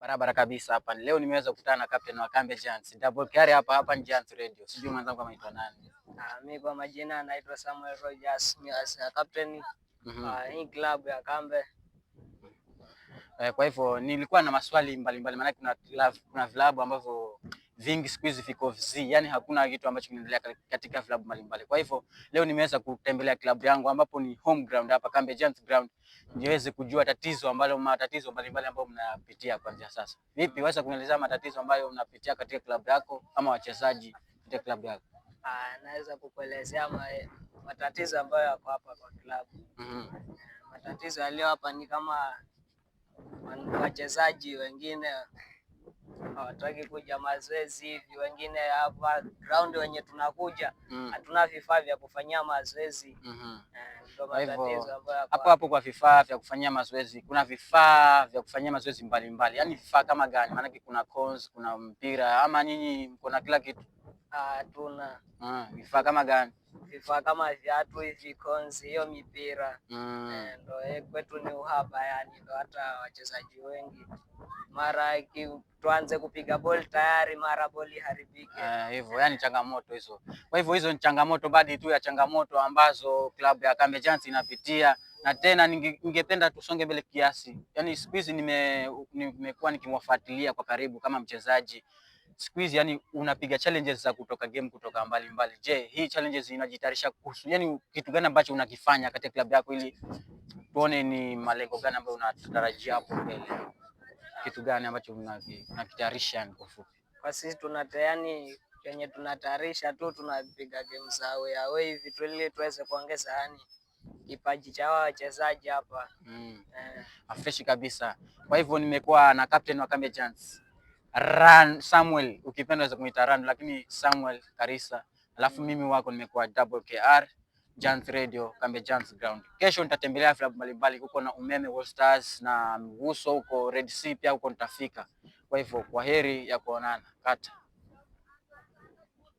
Barabara kabisa hapa. Leo nimeweza kukutana na Captain wa Kambe Giants. Double carry hapa hapa ni Giants Radio. Sijui mwanzo kama anaitwa nani. Ah, mimi kwa majina naitwa Samuel Rogers. ni as captain mhm. ah, hii club ya Kambe. Eh, kwa hivyo nilikuwa na maswali mbalimbali maana kuna vilabu ambavyo vingi siku hizi viko vizi, yani hakuna kitu ambacho kinaendelea katika vilabu mbalimbali. Kwa hivyo leo nimeweza kutembelea klabu yangu ambapo ni home ground hapa Kambe Giants Ground, niweze kujua tatizo ambalo matatizo mbalimbali ambayo mnapitia kuanzia sasa. Vipi, waweza kunielezea matatizo ambayo mnapitia katika klabu yako ama wachezaji katika klabu yako? Ah, naweza kukuelezea matatizo ambayo yako hapa kwa klabu. Mm -hmm. Matatizo yaliyo hapa ni kama wachezaji wengine hawataki kuja mazoezi hivi, wengine hapa ground wenye tunakuja mm. hatuna mm. vifaa vya kufanyia mazoezi mm -hmm. eh, hapo hapo kwa vifaa vya kufanyia mazoezi, kuna vifaa vya kufanyia mazoezi mbalimbali, yaani vifaa kama gani? Maanake kuna cones, kuna mpira ama nyinyi mko na kila kitu? Hatuna. Mm, vifaa kama gani? Vifaa kama viatu hivi, konzi, hiyo mipira mm. Ah. Eh, ndo eh, kwetu ni uhaba yani, ndo hata wachezaji wengi mara tuanze kupiga boli tayari mara boli haribike eh, hivyo. Uh, yani changamoto hizo. Kwa hivyo hizo ni changamoto, baadhi tu ya changamoto ambazo klabu ya Kambe Giants inapitia na tena ningependa tusonge mbele kiasi. Yani siku hizi nimekuwa nime, nikimwafuatilia kwa karibu kama mchezaji siku hizi yani unapiga challenges za kutoka game kutoka mbali mbali. Je, hii challenges inajitayarisha kuhusu yani kitu gani ambacho unakifanya katika klabu yako ili tuone ni malengo gani ambayo unatarajia hapo mbele? Kitu gani ambacho unakitayarisha yani kwa ufupi? Kwa sisi tunata yani kwenye tunatayarisha tu tunapiga game za away away hivi tu ili tuweze kuongeza yani kipaji cha wachezaji hapa. Mm. Eh. Afreshi kabisa. Kwa hivyo nimekuwa na captain wa Kambi Giants Ran Samuel, ukipenda unaweza kumita Ran, lakini Samuel Karisa. Alafu mm. mimi wako nimekuwa Double KR Jans Radio Kambe Jans Ground. Kesho nitatembelea vilabu mbalimbali huko na Umeme World Stars na Mguso huko Red Sea pia huko nitafika. Kwa hivyo kwa heri ya kuonana. Kata.